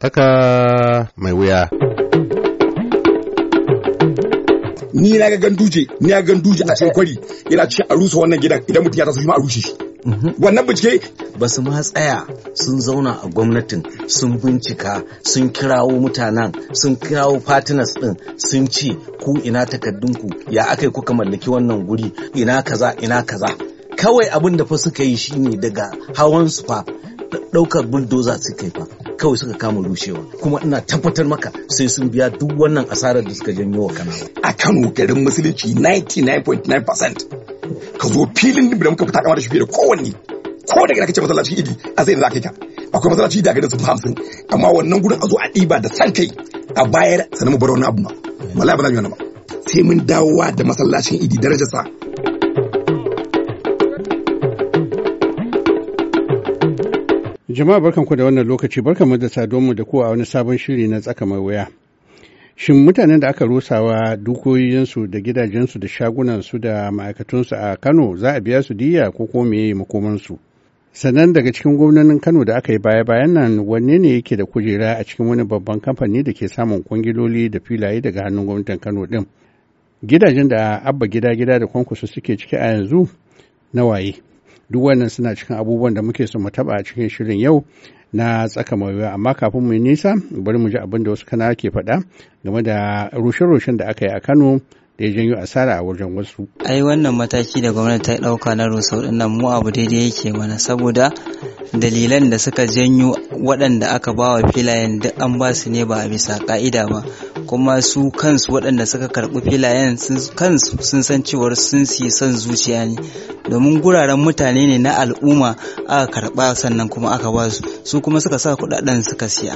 Tsaka mai wuya. Ni na ga ganduje, ni na ganduje a cikin kwari yana ci a rusa wannan gidan idan mutum ya taso shi ma a rushe shi. Mhm. Wannan bincike ba su ma tsaya sun zauna a gwamnatin sun bincika sun kirawo mutanen sun kirawo partners din sun ce ku ina takaddunku ya aka kuka mallaki wannan guri ina kaza ina kaza kawai abin da fa suka yi shine daga hawan su fa ɗaukar buldoza suka yi fa kawai suka kama rushewa kuma ina tabbatar maka sai sun biya duk wannan asarar da suka janyo wa kanawa a Kano garin musulunci 99.9% ka zo filin da muka fita kama da shi da kowanne ko daga da kace masallaci idi a zai za ka ta akwai masallaci da garin su hamsin amma wannan gurin a zo a ɗiba da san kai a bayar sanin mu bar wani abu ma wallahi ba za mu yi wani ba sai mun dawowa da masallacin idi darajarsa Jama'a barkanku da wannan lokaci mu da saduwanmu da ku a wani sabon shiri na tsaka mai wuya. Shin mutanen da aka rusawa dukoyinsu da gidajensu da shagunansu da ma'aikatunsu a Kano za a biya su diya ko ko meye makomansu? Sannan daga cikin gwamnonin Kano da aka yi baya-bayan nan wanne ne yake da kujera a cikin wani babban kamfani da ke samun kwangiloli da filaye daga hannun gwamnatin Kano din? Gidajen da abba gida-gida da kwankwaso suke ciki a yanzu na waye? duk wannan suna cikin abubuwan da muke so mu taba a cikin shirin yau na tsaka mai amma kafin mu nisa bari mu ji abin da wasu kana ke faɗa game da rushe-rushen da aka yi a Kano da ya janyo asara a wajen wasu. Ai wannan mataki da gwamnati ta ɗauka na rusa ɗin mu abu daidai yake mana saboda dalilan da suka janyo waɗanda aka bawa filayen duk an ba su ne ba a bisa ƙa'ida ba kuma su kansu waɗanda suka karɓi filayen kansu sun san cewar sun siya son zuciya ne domin guraren mutane ne na al'umma aka karɓa sannan kuma aka ba su su kuma suka sa kuɗaɗen suka siya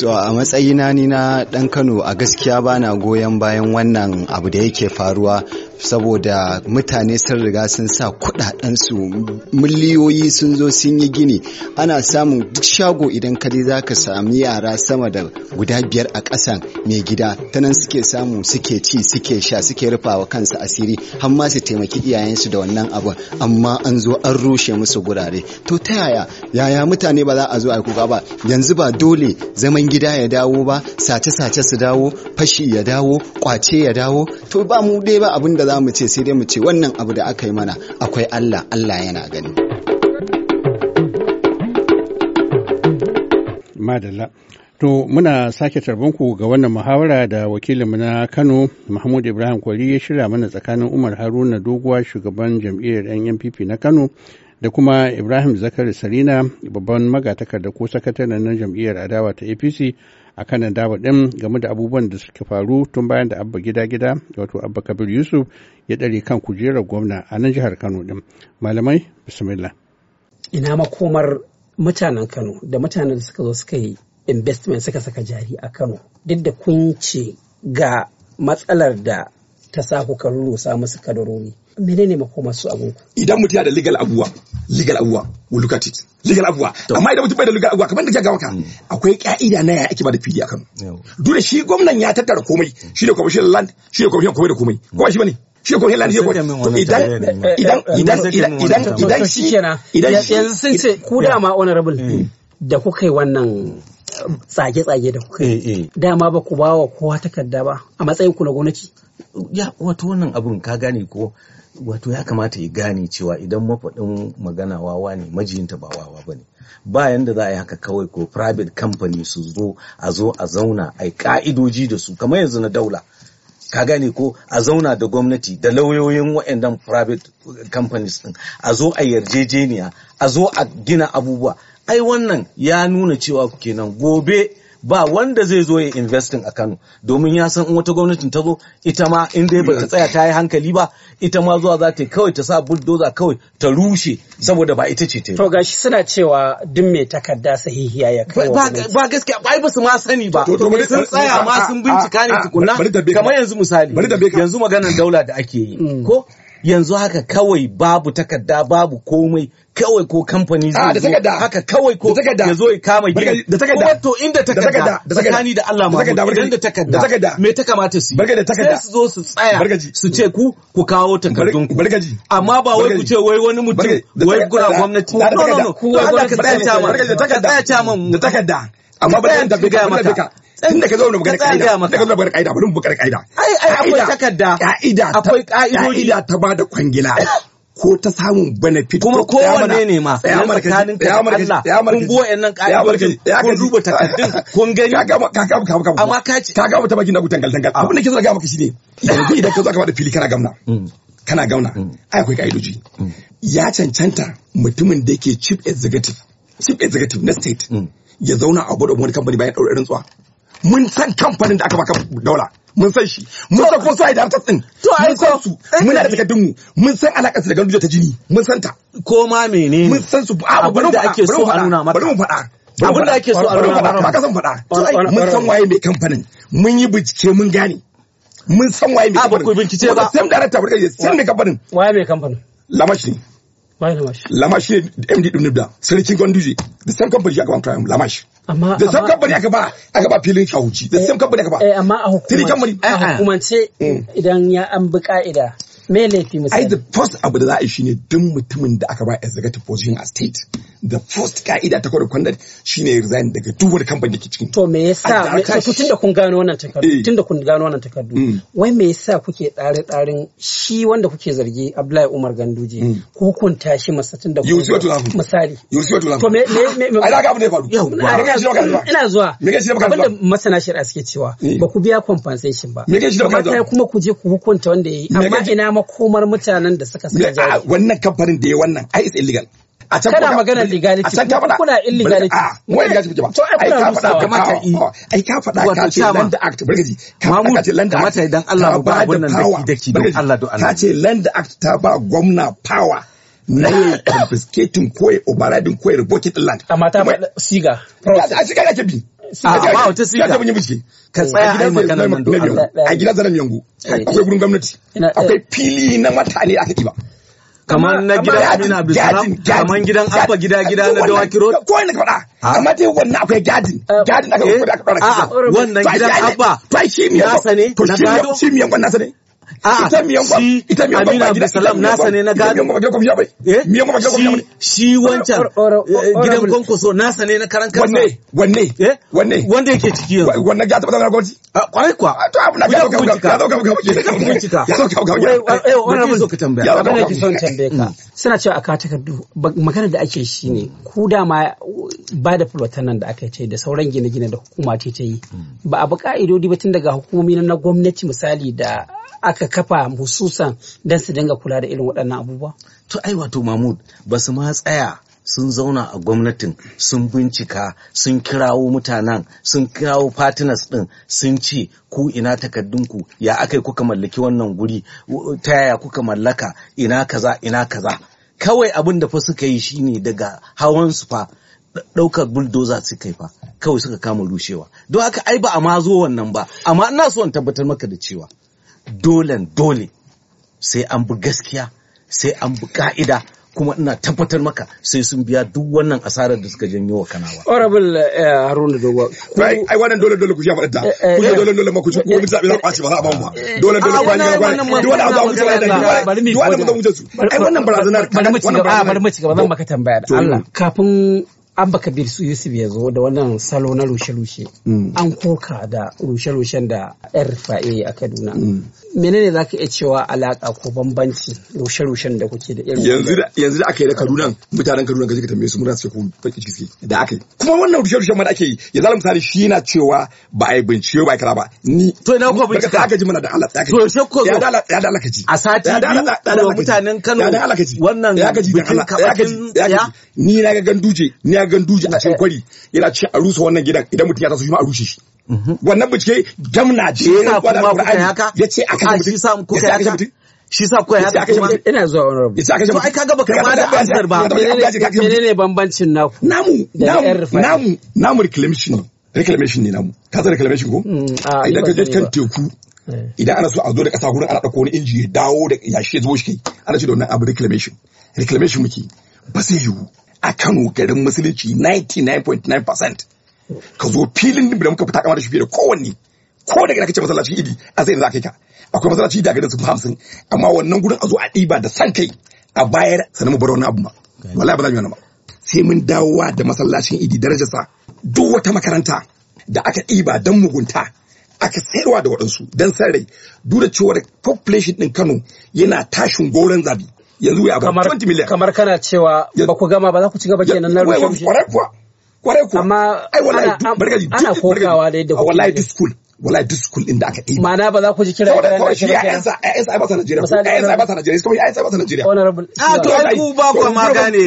To a matsayina ni na ɗan Kano a gaskiya bana goyon bayan wannan abu da yake faruwa saboda mutane sun riga sun sa su miliyoyi sun zo sun yi gini ana samun duk shago idan ka je zaka sami yara sama da guda biyar a ƙasan mai gida ta nan suke samu suke ci suke sha suke wa kansu asiri har ma su taimaki iyayensu da wannan abun amma an zo an rushe musu gurare to ta yaya yaya mutane ba za a zo a kuka ba yanzu ba dole zaman gida ya dawo ba sace-sace su dawo fashi ya dawo kwace ya dawo to ba mu dai ba abin da za mu ce sai dai mu ce wannan abu da aka yi mana akwai Allah Allah yana gani madalla to muna sake ku ga wannan muhawara da wakilinmu na Kano Mahmud Ibrahim Kwari ya shirya mana tsakanin Umar Haruna Doguwa shugaban jam'iyyar NNPP na Kano da kuma Ibrahim Zakari Sarina babban magatakarda ko sakataren na jam'iyyar adawa ta APC a kanan dawo din game da abubuwan da suka faru tun bayan da abba gida gida wato abba kabir yusuf ya ɗare kan kujerar gwamna a nan jihar kano ɗin. malamai bismillah ina makomar mutanen kano da mutanen da suka zo suka yi investment suka saka jari a kano duk da kun ga matsalar da ta sa ku rusa musu kadarori menene makoma su abun idan mutum yana da legal abuwa legal abuwa we look at it legal abuwa amma idan mutum bai da legal abuwa kamar da ga waka akwai ka'ida na ya ake ba da fili akan dole shi gwamnan ya tattara komai shi ne commercial land shi ne commercial komai da komai ko shi bane shi ko helan shi ko idan idan idan idan idan shi idan yanzu sun ce ku dama honorable hmm. da kuka yi wannan eh, tsage-tsage da kuka yi eh, eh. dama ba ku bawa kowa takarda ba a matsayin ku na gwamnati ya wato wannan abun ka gane ko wato ya kamata ya gane cewa idan mafaɗin magana wawa ne majiyinta ba wawa ba ne ba yanda za a yi haka kawai ko private company su zo a zo a zauna a yi ka'idoji da su kamar yanzu na daula ka gane ko a zauna da gwamnati da lauyoyin waɗannan private companies din a zo a yarjejeniya a zo a gina abubuwa ai wannan ya nuna cewa kenan gobe ba wanda zai zo ya investing a Kano domin ya san in wata gwamnatin ta zo ita ma in dai ba ta tsaya ta yi hankali ba ita ma zuwa za ta kawai ta sa bulldozer kawai ta rushe saboda ba ita ce ta to gashi suna cewa duk mai takarda sahihiya ya kai ba gaskiya ba ba su ma sani ba To sun tsaya ma sun bincika ne tukunna kamar yanzu misali yanzu maganar daula da ake yi mm. ko yanzu haka kawai babu takarda babu komai kawai ko kamfani ah, zai zo haka kawai ko ya zo ya kama gini da takarda to inda takarda tsakani da Allah ma idan da takarda me ta kamata su yi sai su zo su tsaya su ce ku ku kawo takardun ku amma ba wai ku ce wai wani mutum wai gura gwamnati no no no ku wai gura ta tsaya ma da takarda amma ba da takarda tun da ka zo magana ka'ida da ka zo magana ka'ida bari mu bukar ka'ida akwai takarda ka'ida akwai ka'idoji ka'ida ta bada kwangila ko ta samun benefit kuma ko wanne ne ma ya tsakanin ka Allah kun go wayannan ka'idojin kun duba takaddun kun gani ka gama ka ka amma ka ka gama ta baki na gutan galtan gal abin da ke so ga maka shine yanzu idan ka zo ka bada fili kana gamna mm. kana gauna mm. ai akwai ka'idoji mm. ya cancanta mutumin da yake chief executive chief executive na state ya zauna a gudu wani kamfani bayan daura irin tsuwa. mun san kamfanin da aka baka daula mun san shi mun san kuma sai ta din mun san su mun da takardun mu mun san alakar su da gandujo ta jini mun san ta ko ma menene mun san su a bari mu ake so a nuna mata bari mu faɗa abin da ake so a nuna mata ba ka san faɗa mun san waye mai kamfanin mun yi bincike mun gane mun san waye mai kamfanin a ba ku bincike ba sai director barka sai mai kamfanin waye mai kamfanin lamashi lamashi lamashi MD Dunibda sarkin gandujo da san kamfanin shi aka ban prime lamashi the same company aka ba aka ba filin shahuci the same eh, company aka ba eh amma a hukumance eh, eh. Mm. idan ya an bi ka'ida me laifi misali ai the first abu da za a yi shine duk mutumin da aka ba executive position a state the first ka'ida ta kwada kwandar shine resign daga duk wani kamfani ke cikin to me yasa tun da kun gano wannan takardu eh. tun da kun gano wannan takardu mm. wai me yasa kuke tsare tsarin shi wanda kuke zargi Abdullahi Umar Ganduje ku mm. hukunta shi masa tun da misali to me me me ai da ga abu da ya faru ina zuwa abinda masana shari'a suke cewa eh. ba ku biya compensation ba kuma ku je ku hukunta wanda yayi amma ina ma makomar mutanen da suka saka jari wannan kamfanin da ya wannan ai is illegal a can kana maganar legality ko kuna illegality wai legality kuke ba to ai oh, ka faɗa kamata yi ai ka faɗa ka ce land act burgaji ka ka ce idan Allah ba abun nan daki daki don Allah do Allah ka ce land act ta ba gwamna power na yi confiscating ko ya overriding ko ya revoking land amma ta siga a siga ke bi ba wata siga ta bunyi bincike ka tsaya a magana nan don Allah eh, eh, eh. a gidan zanen yango akwai gurin gwamnati akwai fili na mutane aka kiba kamar na gidan Amina Abdulsalam kamar gidan Abba gida gida na Dawaki Road ko ina ka faɗa ah. amma dai wannan akwai gadin gadin aka aka fara wannan gidan Abba to shi ne na sane na gado shi ne wannan sane A'a miyan Aminu Abdulsalam nasa ne na gado miyan ba eh? shi wancan gidan konkoso nasa ne na karan kansa wanne wanne eh? wanne wanda yake ciki yanzu wannan ya tabbata na gwamnati ah, kwai kwa ah, to abu na ga ga ga ga ga ya zo ga ga eh wannan mun zo ka tambaya abin da ke son tambaye ka hmm. suna cewa aka takardu magana da ake shi ne hmm. ku dama ba da fulwatan nan da aka ce da sauran gine-gine da hukuma ce ta yi hmm. ba a bi ka'idodi ba tun daga hukumomi na gwamnati misali da aka aka kafa hususan don su dinga kula da irin waɗannan abubuwa? To ai wato Mahmud ba su ma tsaya sun zauna a gwamnatin sun bincika sun kirawo mutanen sun kirawo partners ɗin sun ce ku ina takardunku ya yi kuka mallaki wannan guri ta yaya kuka mallaka ina kaza ina kaza kawai abin da fa suka yi shine daga hawan su fa ɗaukar bulldozer suka yi fa kawai suka kama rushewa don haka ai ba a ma zo wannan ba amma ina so in tabbatar maka da cewa dolen dole sai an bi gaskiya sai an bi ka'ida kuma ina tabbatar maka sai sun biya duk wannan asarar da suka janyo wa kanawa. Honorable Haruna Dogo. Ai wannan dole dole ku sha faɗa. Ku sha dole dole ma ku bisa bisa kwaci ba za a ba mu ba. Dole dole ku sha faɗa. Duk wannan abu da da duk wanda mu da mu su. Ai wannan barazanar kana wannan barazana. Bari mu ci gaba zan maka tambaya da Allah. Kafin baka bir su yusuf ya zo da wannan salo na rushe-rushe mm. an koka da rushe-rushen da yar fa'e a kaduna mm. menene za ka iya cewa alaka ko bambanci rushe-rushen da kuke da yanzu da aka yi da kaduna mutanen kaduna gaji ka tambaye su muna suke baki ciki da aka yi kuma wannan rushe-rushen ma da ake yi ya zala misali shi yana cewa ba a yi bincike ba a kara ba ni to ina ko bincike ka ji mana da Allah ya to sai ko ya da Allah ka ji a sati biyu mutanen Kano wannan ya ka ji ya ka ji ni na ga ganduje ni ganduje a cikin eh, eh. kwari yana ce a rusa wannan gidan idan mutum ya taso shi ma a rushe shi mhm. wannan bincike gamna je ya ya ce a kashe mutum shi sa kuka haka shi sa kuka kuma ina zuwa to ai kaga baka ma da ansar ba menene bambancin naku namu namu namu reclamation reclamation ne namu ka reclamation ko mm, idan ka je kan teku eh. idan ana so a zo da kasa gurin ana ɗauko wani inji ya dawo da yashi ya zo shi ana ce da wannan abu reclamation reclamation muke ba sai yiwu a Kano garin musulunci 99.9% ka zo filin da muka fita kamar da shi fiye da kowanne ko daga kace masallaci idi a zai za kai ka akwai masallaci da garin su hamsin amma wannan gurin a zo a ɗiba da san kai a bayar sanin mu bar wani abu ma wallahi ba za mu yi ba sai mun dawowa da masallacin idi darajarsa duk wata makaranta da aka ɗiba dan mugunta aka sayarwa da waɗansu don sarai rai duk da population ɗin kano yana tashin goron zabi yanzu ya about 20 million kamar kana cewa ba ku gama ba za ku ci gaba kenan na rushe kwarai kuwa kwarai kuwa amma ai wallahi barkaji ana kokawa da yadda ku wallahi this school wallahi duk school inda aka ɗiba. Ma'ana ba za ku ji kira da kawai shi ƴaƴansa ƴaƴansa ai ba sa Najeriya ko ƴaƴansa ba sa Najeriya kuma ƴaƴansa ba sa Najeriya. A to ai ku ba ku ma gane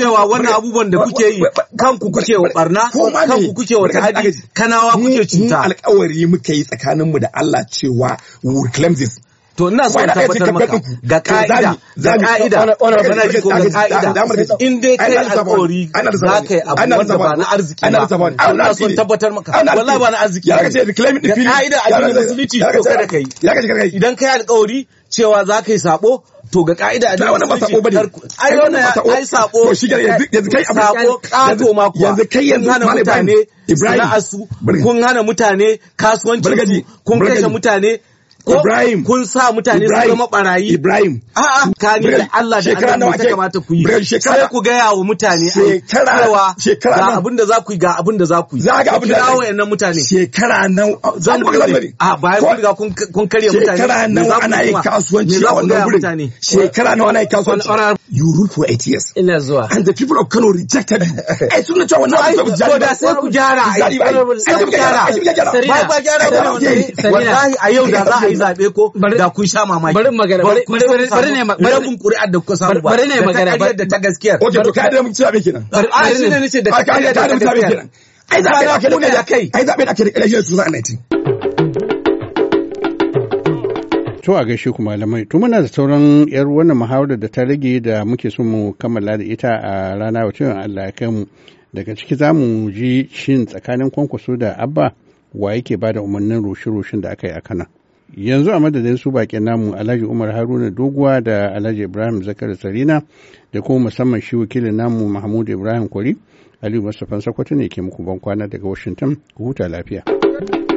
cewa wannan abubuwan da kuke yi kanku kuke wa barna kanku kuke wa ta'adi kanawa kuke cinta alƙawari muka yi tsakaninmu da Allah cewa we claim this to ina so in tabbatar maka ga ka'ida ga ka'ida kana ji ko ga ka'ida in dai kai alƙawari za ka yi abu wanda ba na arziki ba ina so in tabbatar maka wallahi ba na arziki ya kace reclaim the field ka'ida addinin musulunci to kada kai idan kai alƙawari cewa za ka yi sabo to ga ka'ida a wannan ba sako ba ne. wannan ai sako to shi yanzu yanzu kai abu sako kato ma kuwa yanzu kai yanzu hana mutane Ibrahim kun hana mutane kasuwanci kun kashe mutane Ibrahim kun sa mutane su zama barayi Ibrahim a'a kani da Allah da Allah ta kamata ku yi sai ku gaya wa mutane cewa ga abin da za ku yi ga abin da za ku yi za ga abin da za ku yi mutane shekara nan zan ku lamari a bayan kun riga kun karya mutane shekara nan ana yi kasuwanci a wannan gurin shekara nan ana yi kasuwanci you rule for eight years. Ina zuwa. And the people of Kano rejected you. Ai sun nace ku ku wallahi a yau da za a yi ko da kun sha mamaki. Bari magana. Bari ne magana. Bari mun da ba. Bari ne magana. Da ta gaskiya. Okay to ka da mun ci abe kenan. Ai ne nace da ka da mun ci abe kenan. Ai zabe da kai. Ai zabe da kai. Ai zabe da kai. To a gaishe ku malamai. To muna da sauran yar wannan muhawarar da ta rage da muke so mu kammala da ita a rana in Allah ya kai mu. Daga ciki za mu ji shin tsakanin kwankwaso da abba wa yake ba da umarnin roshe-roshen da aka yi a kana. Yanzu a madadin su baƙin namu Alhaji Umar Haruna Doguwa da Alhaji Ibrahim Zakar Sarina da kuma musamman shi wakilin namu Mahmud Ibrahim Kwari. Aliyu Mustapha Sakwato ne ke muku ban kwana daga Washington. Huta lafiya.